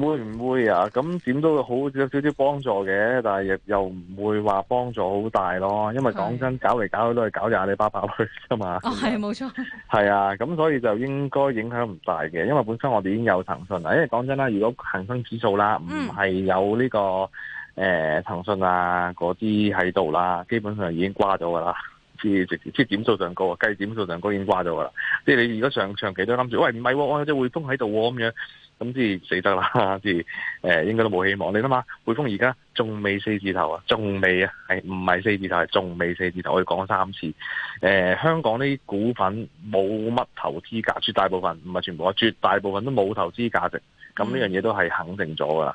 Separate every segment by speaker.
Speaker 1: 會唔會啊？咁點都會好有少少幫助嘅，但係又又唔會話幫助好大咯。因為講真，搞嚟搞去都係搞住阿里巴巴去噶嘛。哦，係
Speaker 2: 冇錯。
Speaker 1: 係啊，咁所以就應該影響唔大嘅。因為本身我哋已經有騰訊啦。因為講真啦，如果恒生指數啦唔係有呢、這個誒騰訊啊嗰啲喺度啦，基本上已經掛咗噶啦。即、嗯、係直接即係點數上高啊，計點數上高已經掛咗噶啦。即係你如果上長期都諗住，喂唔係、啊，我有隻匯豐喺度咁樣。咁即然死得啦，即然誒應該都冇希望。你諗下，匯豐而家仲未四字頭啊，仲未啊，係唔係四字頭？係仲未四字頭，我要講三次。誒、呃，香港呢啲股份冇乜投資價值，絕大部分唔係全部啊，絕大部分都冇投資價值。咁呢樣嘢都係肯定咗噶。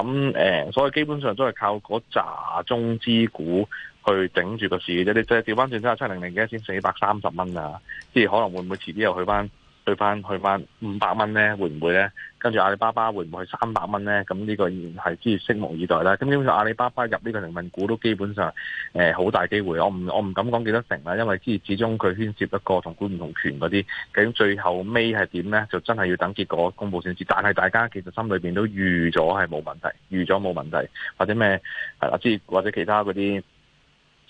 Speaker 1: 咁誒、呃，所以基本上都係靠嗰扎中資股去頂住個市啫。你即係調翻轉之後，七零零嘅先剩一千四百三十蚊啊，即係可能會唔會遲啲又去翻？去翻去翻五百蚊咧，會唔會咧？跟住阿里巴巴會唔會去三百蚊咧？咁呢個係即係拭目以待啦。咁基本上阿里巴巴入呢個成分股都基本上誒好、呃、大機會。我唔我唔敢講幾多成啦，因為即係始終佢牽涉一個同股唔同權嗰啲，究竟最後尾係點咧，就真係要等結果公布先知。但係大家其實心裏邊都預咗係冇問題，預咗冇問題或者咩係啊？即係或者其他嗰啲。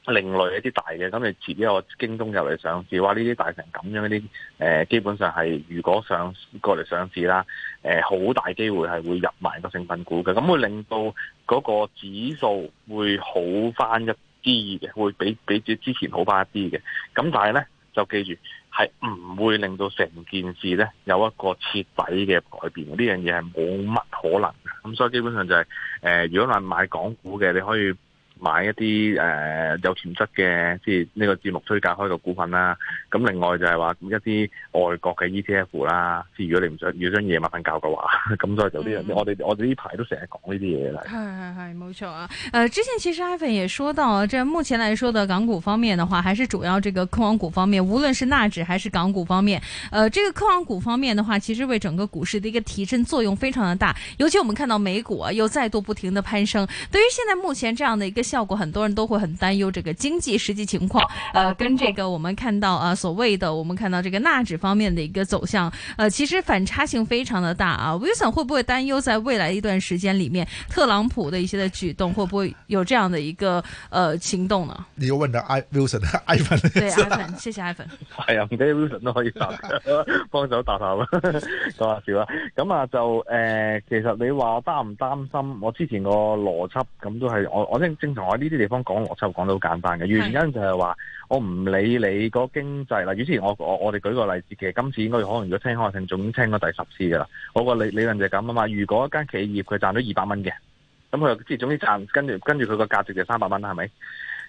Speaker 1: 另類一啲大嘅，咁你遲啲有個京東入嚟上市，哇！呢啲大成咁樣一啲，誒，基本上係如果上過嚟上市啦，誒、呃，好大機會係會入埋個成分股嘅，咁會令到嗰個指數會好翻一啲嘅，會比比之前好翻一啲嘅。咁但係咧，就記住係唔會令到成件事咧有一個徹底嘅改變，呢樣嘢係冇乜可能嘅。咁所以基本上就係、是、誒、呃，如果話買港股嘅，你可以。買一啲誒有潛質嘅，即係呢個節目推介開個股份啦。咁另外就係話一啲外國嘅 ETF 啦。即係如果你唔想，如果你想夜晚瞓覺嘅話，咁所以就啲、嗯、我哋我哋呢排都成日講呢啲嘢啦。
Speaker 2: 係係係，冇錯啊。誒、呃，之前其實阿粉也說到，即目前來說的港股方面的話，還是主要這個科網股方面，無論是納指還是港股方面，誒、呃，這個科網股方面的話，其實為整個股市的一個提振作用非常的大。尤其我們看到美股又再度不停的攀升，對於現在目前這樣的，一個效果，很多人都會很擔憂，這個經濟實際情況，呃、啊，跟這個我們看到，啊，所謂的我們看到這個納指方面的一個走向，呃，其實反差性非常的大啊。Wilson 會不會擔憂在未來一段時間裏面，特朗普的一些的舉動會不會有這樣的一個，呃，行動呢？
Speaker 1: 你要問阿 I- Wilson，i
Speaker 2: 阿 粉， 對，阿粉，謝謝阿 I-Fan
Speaker 1: 粉。係 打 啊，唔理 Wilson 都可以答，幫手答佢啦，講下笑啊。咁啊就，誒、呃，其實你話擔唔擔心，我之前個邏輯咁都係，我我先正，正常。我呢啲地方講落就講得好簡單嘅原因就係話，我唔理你個經濟。嗱，以前我我我哋舉個例子，其實今次應該可能如果聽開聽總聽咗第十次噶啦。我個理理論就係咁啊嘛。如果一間企業佢賺咗二百蚊嘅，咁佢即係總之賺，跟住跟住佢個價值就三百蚊，係咪？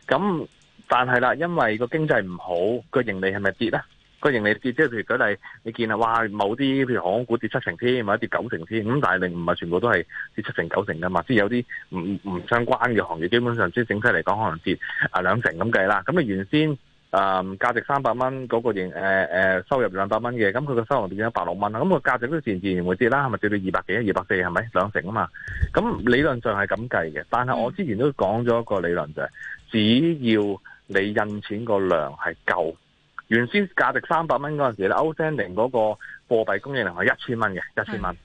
Speaker 1: 咁但係啦，因為個經濟唔好，個盈利係咪跌咧？個盈利跌，即係譬如舉例，你見啊，哇！某啲譬如航空股跌七成添，或者跌九成先，咁但係你唔係全部都係跌七成九成㗎嘛，即係有啲唔唔相關嘅行業，基本上即係整體嚟講，可能跌啊兩成咁計啦。咁你原先啊、呃、價值三百蚊嗰個、盈、呃呃、收入兩百蚊嘅，咁佢個收入跌咗一百六蚊啦，咁個價值都自然自然會跌啦，係咪跌到二百幾、二百四係咪兩成啊嘛？咁理論上係咁計嘅，但係我之前都講咗一個理論、嗯、就係、是，只要你印錢個量係夠。原先價值三百蚊嗰陣時咧，歐聲零嗰個貨幣供應量係一千蚊嘅，一千蚊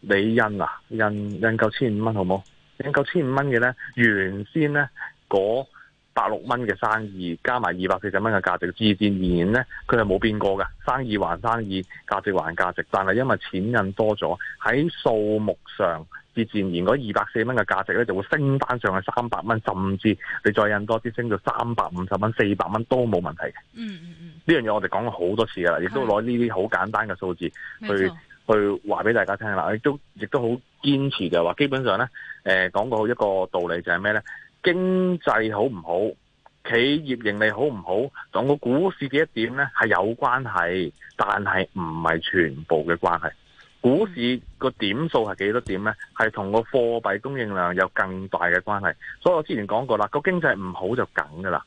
Speaker 1: 你印啊印印夠千五蚊好冇？印夠千五蚊嘅咧，原先咧嗰百六蚊嘅生意加埋二百四十蚊嘅價值，自自然然咧佢係冇變過嘅，生意還生意，價值還價值，但係因為錢印多咗喺數目上。自然，嗰二百四蚊嘅價值咧，就會升翻上去三百蚊，甚至你再印多啲，升到三百五十蚊、四百蚊都冇問題嘅。嗯嗯嗯，呢樣嘢我哋講過好多次噶啦，亦都攞呢啲好簡單嘅數字去去話俾大家聽啦。亦都亦都好堅持嘅話，基本上咧，誒講過一個道理就係咩咧？經濟好唔好，企業盈利好唔好，同個股市嘅一點咧係有關係，但係唔係全部嘅關係。股市個點數係幾多點咧？係同個貨幣供應量有更大嘅關係。所以我之前講過啦，個經濟唔好就梗噶啦。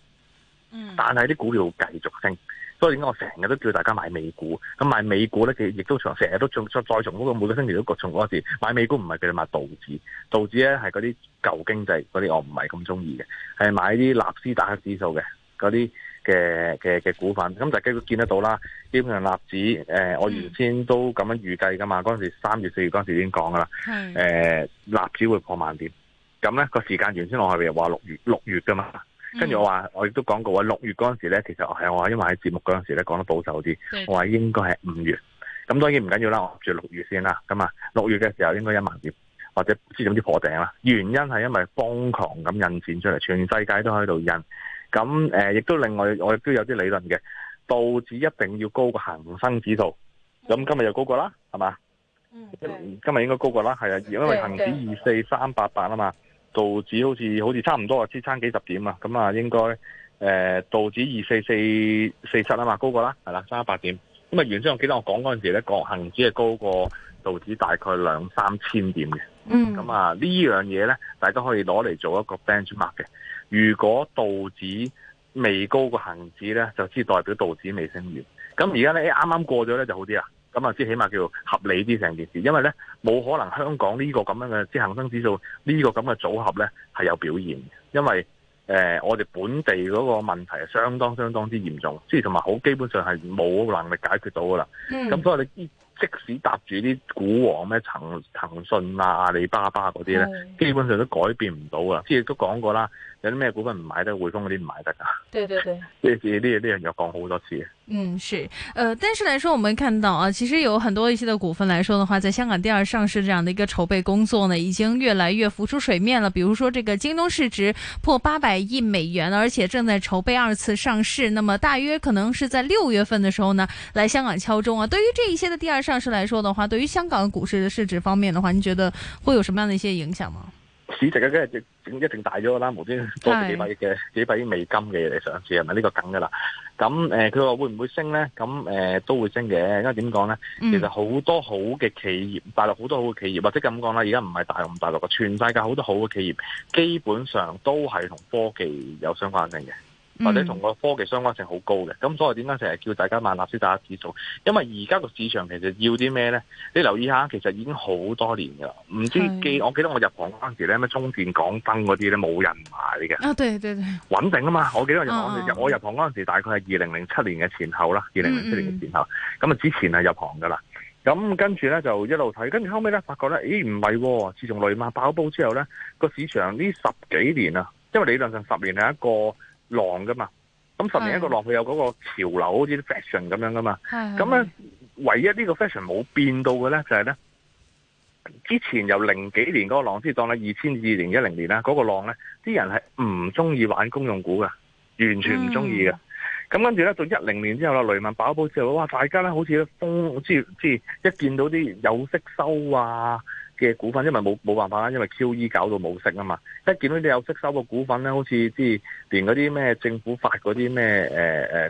Speaker 1: 嗯。但係啲股票繼續升，所以點解我成日都叫大家買美股？咁買美股咧，亦亦都從成日都再再從嗰個每個星期都重從嗰時買美股唔係叫你買道指，道指咧係嗰啲舊經濟嗰啲，嗰啲我唔係咁中意嘅，係買啲納斯達克指數嘅嗰啲。嘅嘅嘅股份，咁大家都見得到啦。基本上納指，誒、呃嗯，我原先都咁樣預計噶嘛。嗰時時三月四月嗰時時已經講噶啦。誒，納、呃、指會破萬點。咁咧個時間原先我係咪話六月六月噶嘛？
Speaker 2: 跟住我話
Speaker 1: 我亦都講過話六月嗰時時咧，其實係我因為喺節目嗰時時咧講得保守啲，我話應該係五月。咁當然唔緊要啦，我住六月先啦，咁啊六月嘅時候應該一萬點或者知少都破頂啦。原因係因為瘋狂咁印錢出嚟，全世界都喺度印。咁誒，亦、呃、都另外我亦都有啲理論嘅，道指一定要高過恒生指數。咁、mm-hmm. 今日又高過啦，係、mm-hmm. 嘛？嗯、okay.，今日應該高過啦，係啊，因為恒指二四三八八啊嘛，道指好似好似差唔多啊，支撐幾十點啊，咁啊，應該誒、呃，道指二四四四七啊嘛，高過啦，係啦，三十八點。咁啊，原先我記得我講嗰陣時咧，個恒指係高過道指大概兩三千點嘅。嗯。咁啊，呢樣嘢咧，大家可以攞嚟做一個 benchmark 嘅。如果道指未高過恆指咧，就知代表道指未升完。咁而家咧，啱啱過咗咧，就好啲啦。咁啊，即起碼叫合理啲成件事。因為咧，冇可能香港呢個咁樣嘅，即係恆生指數呢個咁嘅組合咧，係有表現。因為誒、呃，我哋本地嗰個問題係相當相當之嚴重，即係同埋好基本上係冇能力解決到噶啦。咁、嗯、所以你即使搭住啲股王咩騰騰訊啊、阿里巴巴嗰啲咧，基本上都改變唔到噶。之前都講過啦。有啲咩股份唔買得？匯豐嗰啲唔買得噶？對對對，呢啲呢啲人又講好多次。
Speaker 2: 嗯，是，呃，但是來說，我們看到啊，其實有很多一些的股份來說的話，在香港第二上市這樣的一個籌備工作呢，已經越來越浮出水面了。比如說，這個京東市值破八百億美元了，而且正在籌備二次上市，那麼大約可能是在六月份的時候呢，來香港敲鐘啊。對於這一些的第二上市來說的話，對於香港股市的市值方面的話，您覺得會有什麼樣的一些影響嗎？
Speaker 1: 市值嘅嘅一一定大咗啦，無端多咗幾百億嘅幾百億美金嘅嘢嚟上市係咪呢個梗噶啦？咁誒，佢、呃、話會唔會升咧？咁誒、呃、都會升嘅，因為點講咧？其實好多好嘅企業，大陸好多好嘅企業，或者咁講啦，而家唔係大陸唔大陸嘅，全世界好多好嘅企業，基本上都係同科技有相關性嘅。嗯、或者同個科技相關性好高嘅，咁所以點解成日叫大家望納斯達克指數？因為而家個市場其實要啲咩咧？你留意一下，其實已經好多年噶啦，唔知記我記得我入行嗰陣時咧咩中電、港燈嗰啲咧冇人買嘅。啊，對對對，穩定啊嘛！我記得入行我入行嗰陣時,、啊、時大概係二零零七年嘅前後啦，二零零七年嘅前後。咁啊，嗯嗯、就之前係入行噶啦，咁跟住咧就一路睇，跟住後尾咧發覺咧，咦唔係，自從雷曼爆煲之後咧，個市場呢十幾年啊，因為理論上十年係一個。浪噶嘛，咁十年一個浪，佢有嗰個潮流，好似啲 fashion 咁樣噶嘛。咁咧，唯一呢個 fashion 冇變到嘅咧，就係咧，之前由零幾年嗰個浪，即係當啦二千二零一零年啦，嗰個浪咧，啲人係唔中意玩公用股噶，完全唔中意噶。咁跟住咧，到一零年之後啦，雷曼爆煲之後，哇，大家咧好似風，好似即係一見到啲有息收啊，嘅股份，因為冇冇辦法啦，因為 QE 搞到冇息啊嘛。一見到你有息收嘅股份咧，好似即係連嗰啲咩政府發嗰啲咩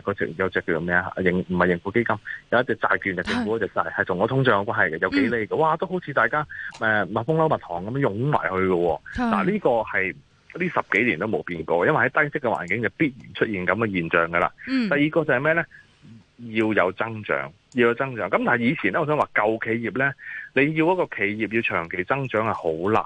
Speaker 1: 誒誒，嗰隻有隻叫做咩啊？盈唔係盈富基金有一隻債券就政府嗰隻債，係同個我通脹有關係嘅，有幾厘嘅，嗯。哇，都好似大家誒蜜，呃、蜂撈蜜糖咁樣湧埋去嘅。嗱，呢個係呢十幾年都冇變過，因為喺低息嘅環境就必然出現咁嘅現象噶啦。第二個就係咩咧？要有增長，要有增長。咁但係以前咧，我想話舊企業咧，你要一個企業要長期增長係好難，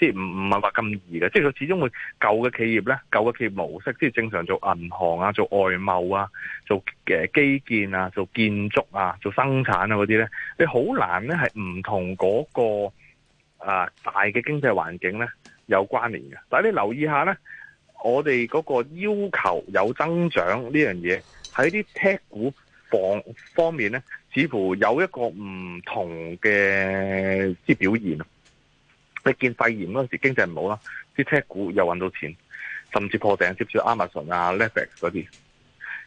Speaker 1: 即係唔唔係話咁易嘅。即係佢始終會舊嘅企業咧，舊嘅企業模式，即係正常做銀行啊，做外貿啊，做、呃、基建啊，做建築啊，做生產啊嗰啲咧，你好難咧係唔同嗰個、呃、大嘅經濟環境咧有關聯嘅。但係你留意下咧，我哋嗰個要求有增長呢樣嘢。喺啲 tech 股方方面咧，似乎有一個唔同嘅表現。你見肺炎嗰時經濟唔好啦，啲 tech 股又搵到錢，甚至破頂，接住 Amazon 啊、Netflix 嗰啲。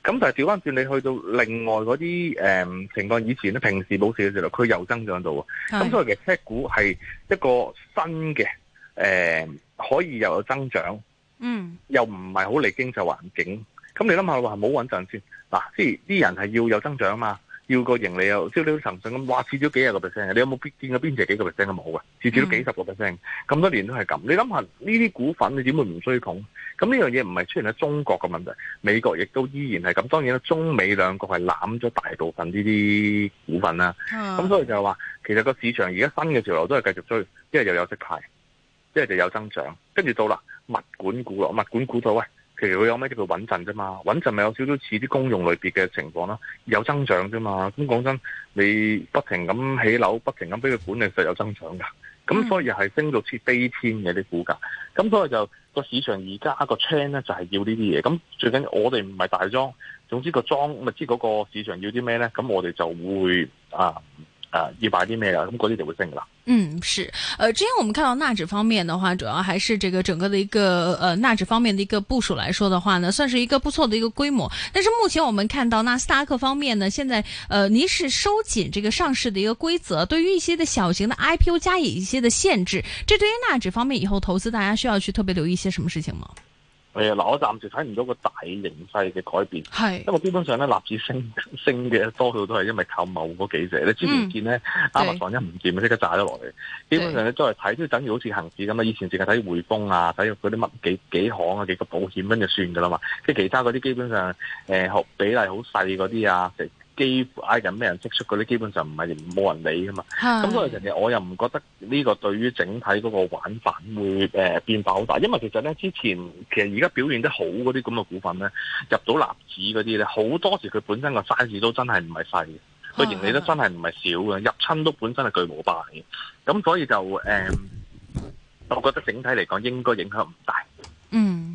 Speaker 1: 咁但係調翻轉，你去到另外嗰啲誒情況，以前咧平時冇事嘅時候，佢又增長到。咁所以其實 tech 股係一個新嘅誒、呃，可以又有增長，嗯，又唔係好理經濟環境。咁你諗下話冇穩陣先嗱，即係啲人係要有增長啊嘛，要個盈利又即係你好騰訊咁，哇，至少幾廿個 percent 你有冇見過邊隻幾個 percent 啊冇啊，至少都幾十個 percent，咁、嗯、多年都係咁。你諗下呢啲股份你點會唔追捧？咁、啊、呢樣嘢唔係出現喺中國嘅問題，美國亦都依然係咁。當然啦、啊，中美兩國係攬咗大部分呢啲股份啦、啊。咁、啊、所以就係話，其實個市場而家新嘅潮流都係繼續追，一係又有息派，一係就有增長。跟住到啦，物管股咯，物管股到啊！其實佢有咩叫做穩陣啫嘛，穩陣咪有少少似啲公用類別嘅情況啦，有增長啫嘛。咁講真，你不停咁起樓，不停咁俾佢管理，實有增長噶。咁所以又係升到似飛天嘅啲股價。咁所以就個市場而家個 trend 咧就係要呢啲嘢。咁最緊要我哋唔係大莊，總之個莊咪知嗰個市場要啲咩咧。咁我哋就會啊。啊，要
Speaker 2: 買啲咩啊？咁嗰啲就會升㗎啦。嗯，是，呃，之前我們看到納指方面的話，主要還是這個整個的一個，呃，納指方面的一個部署來說的話呢，算是一個不錯的一個規模。但是目前我們看到納斯達克方面呢，現在，呃，您是收緊這個上市的一個規則，對於一些的小型的 IPO 加以一些的限制。這對於納指方面以後投資，大家需要去特別留意一些什麼事情嗎？
Speaker 1: 係嗱，我暫時睇唔到個大形勢嘅改變，因為基本上咧，納指升升嘅多數都係因為靠某個幾隻。你之前見咧亞馬遜一唔掂，即刻炸咗落嚟。基本上咧，再嚟睇都等於好似恆指咁啊，以前淨係睇匯豐啊，睇嗰啲乜幾幾行啊，幾個保險跟住、啊、就算㗎啦嘛，即係其他嗰啲基本上誒學、呃、比例好細嗰啲啊。基挨緊咩人積出啲，基本上唔係冇人理噶嘛。咁所以成日我又唔覺得呢個對於整體嗰個玩法會誒、呃、變化好大。因為其實咧之前，其實而家表現得好嗰啲咁嘅股份咧，入到納指嗰啲咧，好多時佢本身個 size 都真係唔係細嘅，佢盈利都真係唔係少嘅，入親都本身係巨無霸嘅。咁所以就誒、嗯，我覺得整體嚟講應該影響唔大。嗯。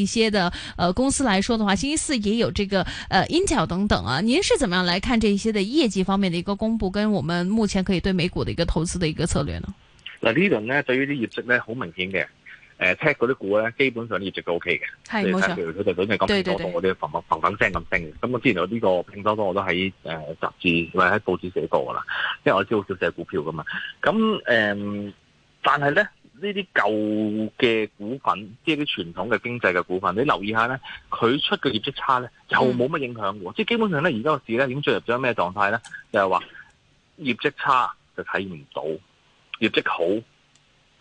Speaker 2: 一些的，呃，公司來說的話，星期四也有這個，呃，Intel 等等啊。您是怎麼樣來看這些的業績方面的一個公布，跟我們目前可以對美股的一個投資的一個策略呢？
Speaker 1: 嗱呢輪呢對於啲業績呢，好明顯嘅，誒 tech 嗰啲股咧，基本上啲業績都 OK 嘅。係冇錯。佢哋準備咁多多，我哋嘭嘭聲咁升。咁我之前有呢個拼多多，我都喺誒雜誌或者喺報紙寫過噶啦，因為我知道少寫股票噶嘛。咁誒，但係咧。呢啲舊嘅股份，即係啲傳統嘅經濟嘅股份，你留意下咧，佢出嘅業績差咧，又冇乜影響嘅。即、嗯、係基本上咧，而家個市咧已經進入咗咩狀態咧？就係、是、話業績差就睇唔到，業績好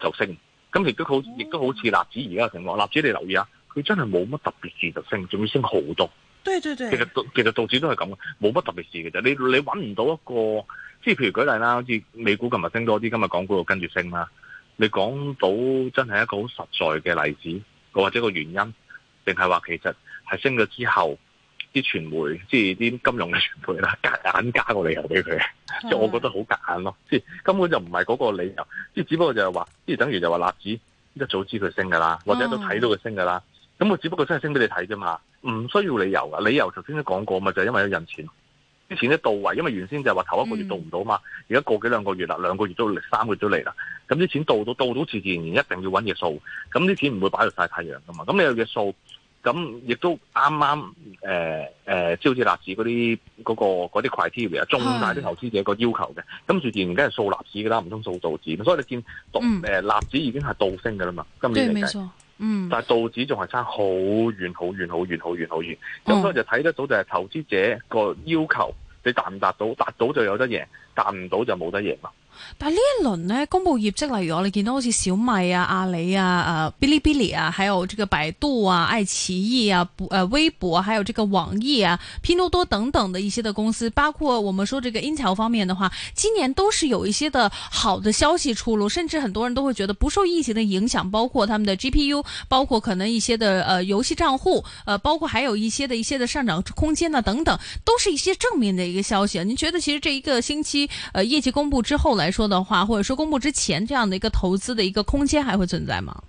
Speaker 1: 就升。咁亦都好，亦、嗯、都好似納指而家嘅情況。納指你留意下，佢真係冇乜特別事就升，仲要升好多。對對對。其實其實到處都係咁，冇乜特別事嘅。你你揾唔到一個，即係譬如舉例啦，好似美股琴日升多啲，今日港股跟住升啦。你講到真係一個好實在嘅例子，或者個原因，定係話其實係升咗之後，啲傳媒即係啲金融嘅傳媒啦，夾硬加個理由俾佢，即係我覺得好夾硬咯，即係根本就唔係嗰個理由，即係只不過就係話，即係等於就話納指一早知佢升噶啦，或者都睇到佢升噶啦，咁、嗯、我只不過真係升俾你睇啫嘛，唔需要理由嘅，理由頭先都講過嘛，就係、是、因為有印錢。啲錢一到位，因為原先就係話頭一個月到唔到嘛，而、嗯、家過幾兩個月啦，兩個月都嚟，三個月都嚟啦。咁啲錢到到到到時自然，然一定要搵嘢數。咁啲錢唔會擺到曬太陽噶嘛。咁你有嘢數，咁亦都啱啱誒誒超似納市嗰啲嗰個嗰啲 criteria 啊，criteria，中大啲投資者個要求嘅。咁自然梗係數納市噶啦，唔通數道指？所以你見誒、嗯、納市已經係倒升噶啦嘛，今年嚟計。嗯，但係道指仲係差好遠好遠好遠好遠好遠，咁、嗯、所以就睇得到就係投資者個要求，你達唔達到，達到就有得贏，達唔到就冇得贏啦。
Speaker 2: 但呢一輪呢公布業績，例如我哋見到好似小米啊、阿里啊、啊、呃，嗶哩嗶哩啊，還有這個百度啊、愛奇藝啊、不，呃，微博、啊，還有這個網易啊、拼多多等等的一些的公司，包括我們說這個 Intel 方面的話，今年都是有一些的好的消息出爐，甚至很多人都會覺得不受疫情的影響，包括他們的 GPU，包括可能一些的呃遊戲賬戶，呃，包括還有一些的一些的上漲空間呢、啊，等等，都是一些正面的一個消息、啊。你覺得其實這一個星期，呃業績公布之後呢。說的話，或者說公布之前，這樣的一個投資的一個空間還會存在嗎？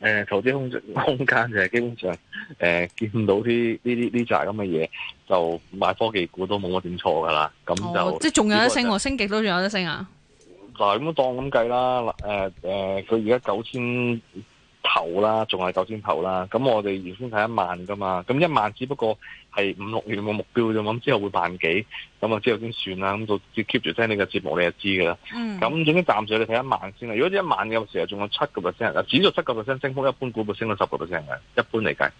Speaker 1: 誒、呃，投資空空間就係基本上誒、呃、見唔到啲呢啲呢扎咁嘅嘢，就買科技股都冇乜點錯噶啦。咁就，哦，即係仲有
Speaker 2: 得升，就是，升極都仲有得升啊！
Speaker 1: 嗱，啊，咁樣當咁計啦，誒、呃、誒，佢而家九千，頭啦，仲係九千頭啦。咁我哋原先睇一萬噶嘛，咁一萬只不過係五六月嘅目標啫。咁之後會萬幾，咁啊之後先算啦。咁就 keep 住聽你嘅節目，你就知噶啦。咁已經暫時你睇一萬先啦。如果有一萬嘅時候，仲有七個百分點，指數七個 percent 升幅，一般股會升到十個 percent 嘅，一般嚟計。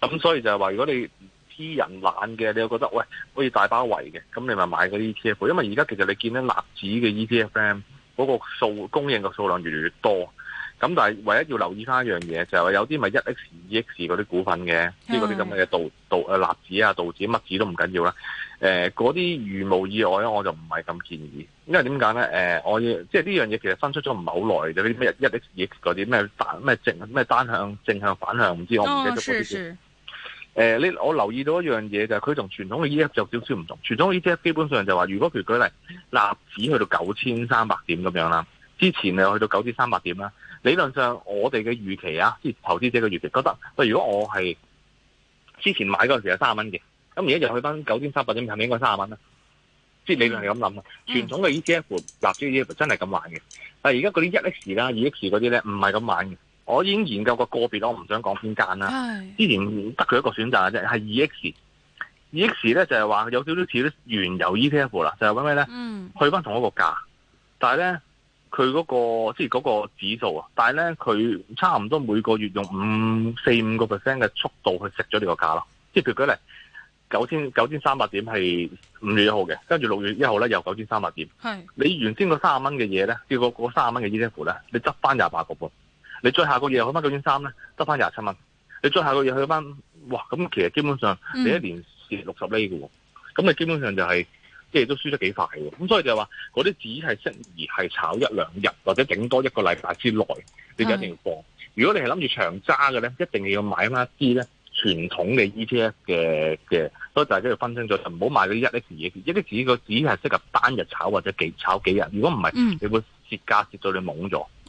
Speaker 1: 咁所以就係話，如果你啲人懶嘅，你又覺得喂可以大包圍嘅，咁你咪買嗰啲 E T F。因為而家其實你見到，納指嘅 E T F M 嗰個數供應嘅數量越嚟越多。咁但係唯一要留意翻一樣嘢，就係、是、有啲咪一 X 二 X 嗰啲股份嘅，啲嗰啲咁嘅道道誒納指啊、道指乜指都唔緊要啦。誒嗰啲如無意外咧，我就唔係咁建議，因為點解咧？誒、呃，我即係呢樣嘢其實分出咗唔係好耐嘅，啲咩一 X 二 X 嗰啲咩單咩正咩單向正向反向，唔知、哦、我唔記得
Speaker 2: 嗰
Speaker 1: 啲叫。你我留意到一樣嘢就係佢同傳統嘅 ETF 有少少唔同，傳統嘅 ETF 基本上就話，如果佢舉例納指去到九千三百點咁樣啦。之前你去到九千三百點啦，理論上我哋嘅預期啊，即係投資者嘅預期，覺得，但如果我係之前買嗰陣時係三十蚊嘅，咁而家又去翻九千三百點，係咪應該三十蚊啊？即係理論係咁諗啊。傳統嘅 ETF、嗯、納指 ETF 真係咁玩嘅，但係而家嗰啲一 X 啦、二 X 嗰啲咧，唔係咁玩嘅。我已經研究過個別，我唔想講邊間啦。之前得佢一個選擇啫，係二 X。二 X 咧就係、是、話有少少似啲原油 ETF 啦，就係為咩咧？去翻同一個價，但係咧，佢嗰、那個即係嗰個指數啊，但係咧佢差唔多每個月用五四五個 percent 嘅速度去食咗呢個價咯。即係譬如舉例，九千九千三百點係五月一號嘅，跟住六月一號咧又九千三百點。你原先個三十蚊嘅嘢咧，叫個三十蚊嘅 E F 咧，你執翻廿八個半。你再下個月又去翻九千三咧，執翻廿七蚊。你再下個月去翻，哇！咁其實基本上你一年蝕六十厘嘅喎，咁、嗯、你基本上就係、是。即係都輸得幾快，咁所以就係話嗰啲紙係適宜係炒一兩日，或者頂多一個禮拜之內，你就一定要放。嗯、如果你係諗住長揸嘅咧，一定要買翻一啲咧傳統嘅 ETF 嘅嘅，所以大家要分清楚，唔好買嗰啲一啲紙。一啲紙個紙係適合單日炒或者幾炒幾日，如果唔係，你會蝕價蝕到你懵咗。嗯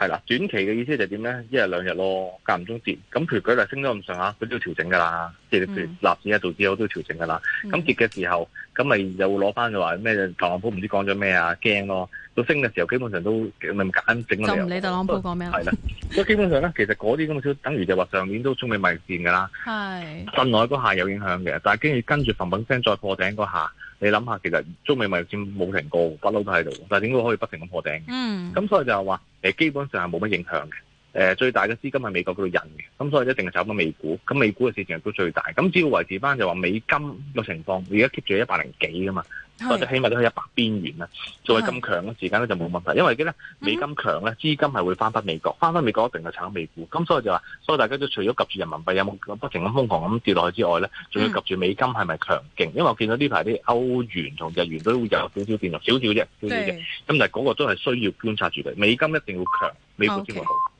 Speaker 1: 係啦，短期嘅意思就點咧？一日兩日咯，間唔中跌，咁佢舉例升咗咁上下，佢都要調整噶啦。即係佢納指啊，做止我都要調整噶啦。咁跌嘅時候，咁咪又攞翻就話咩？特朗普唔知講咗咩啊，驚咯。到升嘅時候，基本上都咪夾整你就唔理特朗普講咩啦。係啦，所 以基本上咧，其實嗰啲咁少，等於就話上年都準備賣線噶啦。
Speaker 2: 係。進
Speaker 1: 來嗰下有影響嘅，但係跟住跟住粉粉聲再破頂嗰下。你諗下，其實中美貿易戰冇停過，不嬲都喺度，但係點解可以不停咁破頂？咁、嗯、所以就係話，基本上係冇乜影響嘅。誒最大嘅資金係美國嗰度印嘅，咁所以一定係炒緊美股，咁美股嘅事情係都最大。咁只要維持翻就話美金嘅情況，而家 keep 住一百零幾啊嘛，或者起碼都喺一百邊緣啦。仲係咁強嘅時間咧就冇問題，因為呢，美金強咧，資金係會翻返美國，翻返美國一定係炒美股。咁所以就話，所以大家都除咗及住人民幣有冇不停咁瘋狂咁跌落去之外咧，仲要及住美金係咪強勁、嗯，因為我見到呢排啲歐元同日元都有少少變動，少少啫，少少啫。咁但係嗰個都係需要觀察住佢，美金一定要強，美股先話好。Okay.